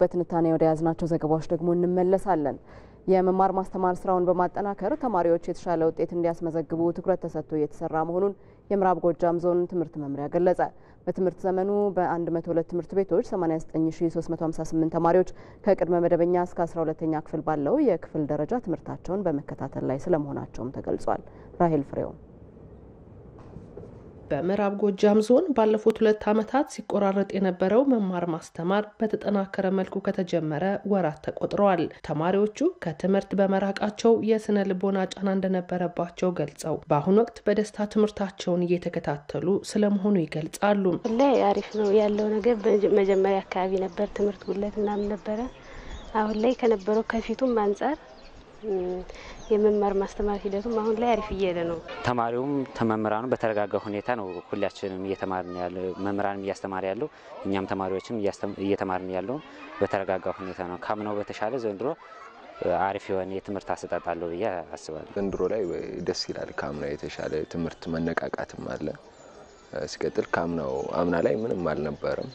በትንታኔ ወደ ያዝናቸው ዘገባዎች ደግሞ እንመለሳለን። የመማር ማስተማር ስራውን በማጠናከር ተማሪዎች የተሻለ ውጤት እንዲያስመዘግቡ ትኩረት ተሰጥቶ እየተሰራ መሆኑን የምዕራብ ጎጃም ዞን ትምህርት መምሪያ ገለጸ። በትምህርት ዘመኑ በ102 ትምህርት ቤቶች 89358 ተማሪዎች ከቅድመ መደበኛ እስከ 12ኛ ክፍል ባለው የክፍል ደረጃ ትምህርታቸውን በመከታተል ላይ ስለመሆናቸውም ተገልጿል። ራሄል ፍሬው በምዕራብ ጎጃም ዞን ባለፉት ሁለት ዓመታት ሲቆራረጥ የነበረው መማር ማስተማር በተጠናከረ መልኩ ከተጀመረ ወራት ተቆጥረዋል። ተማሪዎቹ ከትምህርት በመራቃቸው የስነ ልቦና ጫና እንደነበረባቸው ገልጸው በአሁኑ ወቅት በደስታ ትምህርታቸውን እየተከታተሉ ስለመሆኑ ይገልጻሉ። ላይ አሪፍ ነው ያለው ነገር። መጀመሪያ አካባቢ ነበር ትምህርት ጉለት ምናምን ነበረ። አሁን ላይ ከነበረው ከፊቱም አንጻር የመማር ማስተማር ሂደቱም አሁን ላይ አሪፍ እየሄደ ነው። ተማሪውም ተመምህራኑ በተረጋጋ ሁኔታ ነው ሁላችንም እየተማርን ያለው መምህራንም እያስተማር ያለው እኛም ተማሪዎችም እየተማርን ያለው በተረጋጋ ሁኔታ ነው። ካምናው በተሻለ ዘንድሮ አሪፍ የሆነ የትምህርት አሰጣጥ አለው ብዬ አስባለሁ። ዘንድሮ ላይ ደስ ይላል። ከአምና የተሻለ ትምህርት መነቃቃትም አለ። ሲቀጥል ከአምናው አምና ላይ ምንም አልነበረም።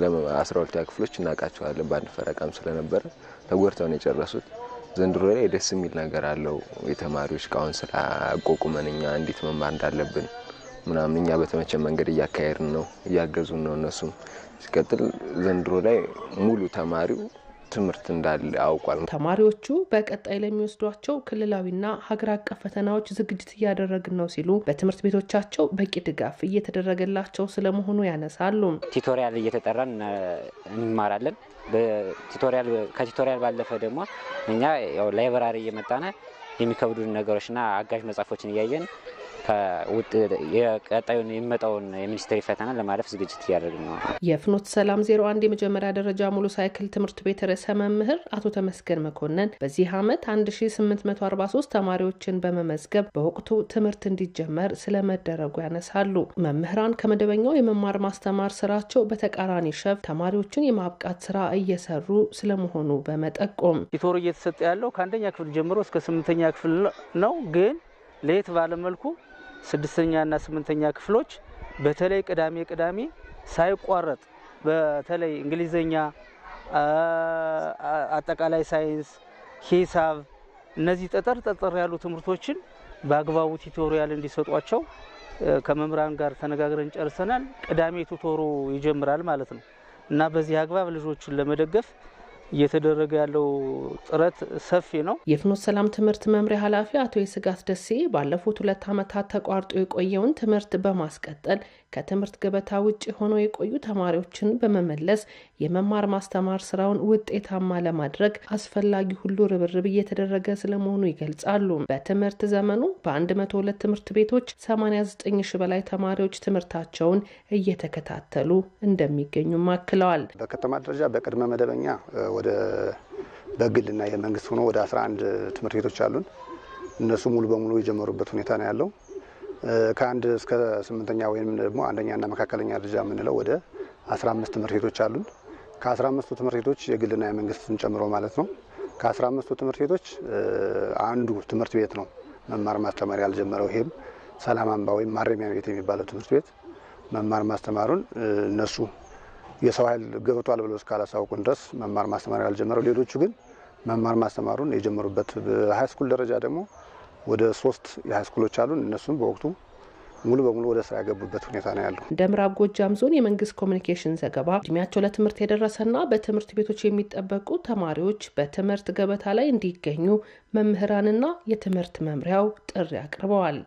ለአስራ ሁለተኛ ክፍሎች እናውቃቸዋለን በአንድ ፈረቃም ስለነበረ ተጎድተው ነው የጨረሱት። ዘንድሮ ላይ ደስ የሚል ነገር አለው። የተማሪዎች ስራ አቋቁመን እኛ እንዴት መማር እንዳለብን ምናምን እኛ በተመቸ መንገድ እያካሄድን ነው፣ እያገዙን ነው እነሱም። ሲቀጥል ዘንድሮ ላይ ሙሉ ተማሪው ትምህርት እንዳለ ያውቋል ተማሪዎቹ በቀጣይ ለሚወስዷቸው ክልላዊና ሀገር አቀፍ ፈተናዎች ዝግጅት እያደረግን ነው ሲሉ በትምህርት ቤቶቻቸው በቂ ድጋፍ እየተደረገላቸው ስለመሆኑ ያነሳሉ። ቲቶሪያል እየተጠራን እንማራለን። ከቲቶሪያል ባለፈ ደግሞ እኛ ላይብራሪ እየመጣነ የሚከብዱን ነገሮችና አጋዥ መጽሐፎችን እያየን ቀጣዩን የሚመጣውን የሚኒስቴር ፈተና ለማለፍ ዝግጅት እያደረግን ነው። የፍኖት ሰላም አንድ የመጀመሪያ ደረጃ ሙሉ ሳይክል ትምህርት ቤት ርዕሰ መምህር አቶ ተመስገን መኮንን በዚህ ዓመት 1843 ተማሪዎችን በመመዝገብ በወቅቱ ትምህርት እንዲጀመር ስለመደረጉ ያነሳሉ። መምህራን ከመደበኛው የመማር ማስተማር ስራቸው በተቃራኒ ሸፍ ተማሪዎችን የማብቃት ስራ እየሰሩ ስለመሆኑ በመጠቆም ኢቶር እየተሰጠ ያለው ከአንደኛ ክፍል ጀምሮ እስከ ስምንተኛ ክፍል ነው ግን ለየት ባለመልኩ ስድስተኛና ስምንተኛ ክፍሎች በተለይ ቅዳሜ ቅዳሜ ሳይቋረጥ በተለይ እንግሊዘኛ፣ አጠቃላይ ሳይንስ፣ ሂሳብ እነዚህ ጠጠር ጠጠር ያሉ ትምህርቶችን በአግባቡ ቱቶሪያል እንዲሰጧቸው ከመምህራን ጋር ተነጋግረን ጨርሰናል። ቅዳሜ ቱቶሮ ይጀምራል ማለት ነው እና በዚህ አግባብ ልጆችን ለመደገፍ እየተደረገ ያለው ጥረት ሰፊ ነው። የፍኖት ሰላም ትምህርት መምሪያ ኃላፊ አቶ የስጋት ደሴ ባለፉት ሁለት ዓመታት ተቋርጦ የቆየውን ትምህርት በማስቀጠል ከትምህርት ገበታ ውጭ ሆነው የቆዩ ተማሪዎችን በመመለስ የመማር ማስተማር ስራውን ውጤታማ ለማድረግ አስፈላጊ ሁሉ ርብርብ እየተደረገ ስለመሆኑ ይገልጻሉ። በትምህርት ዘመኑ በ102 ትምህርት ቤቶች 89 ሺ በላይ ተማሪዎች ትምህርታቸውን እየተከታተሉ እንደሚገኙም አክለዋል። በከተማ ደረጃ በቅድመ መደበኛ ወደ በግልና የመንግስት ሆኖ ወደ 11 ትምህርት ቤቶች አሉን። እነሱ ሙሉ በሙሉ የጀመሩበት ሁኔታ ነው ያለው። ከአንድ እስከ ስምንተኛ ወይም ደግሞ አንደኛና መካከለኛ ደረጃ የምንለው ወደ 15 ትምህርት ቤቶች አሉን። ከ15ቱ ትምህርት ቤቶች የግልና የመንግስትን ጨምሮ ማለት ነው። ከ15ቱ ትምህርት ቤቶች አንዱ ትምህርት ቤት ነው መማር ማስተማር ያልጀመረው። ይሄም ሰላም አምባ ወይም ማረሚያ ቤት የሚባለው ትምህርት ቤት መማር ማስተማሩን እነሱ የሰው ኃይል ገብቷል ብለው እስካላሳውቁን ድረስ መማር ማስተማር ያልጀመረው፣ ሌሎቹ ግን መማር ማስተማሩን የጀመሩበት ሀይስኩል ደረጃ ደግሞ ወደ ሶስት የሀይስኩሎች አሉን እነሱም በወቅቱ ሙሉ በሙሉ ወደ ስራ ያገቡበት ሁኔታ ነው ያለው። እንደ ምዕራብ ጎጃም ዞን የመንግስት ኮሚኒኬሽን ዘገባ እድሜያቸው ለትምህርት የደረሰና በትምህርት ቤቶች የሚጠበቁ ተማሪዎች በትምህርት ገበታ ላይ እንዲገኙ መምህራንና የትምህርት መምሪያው ጥሪ አቅርበዋል።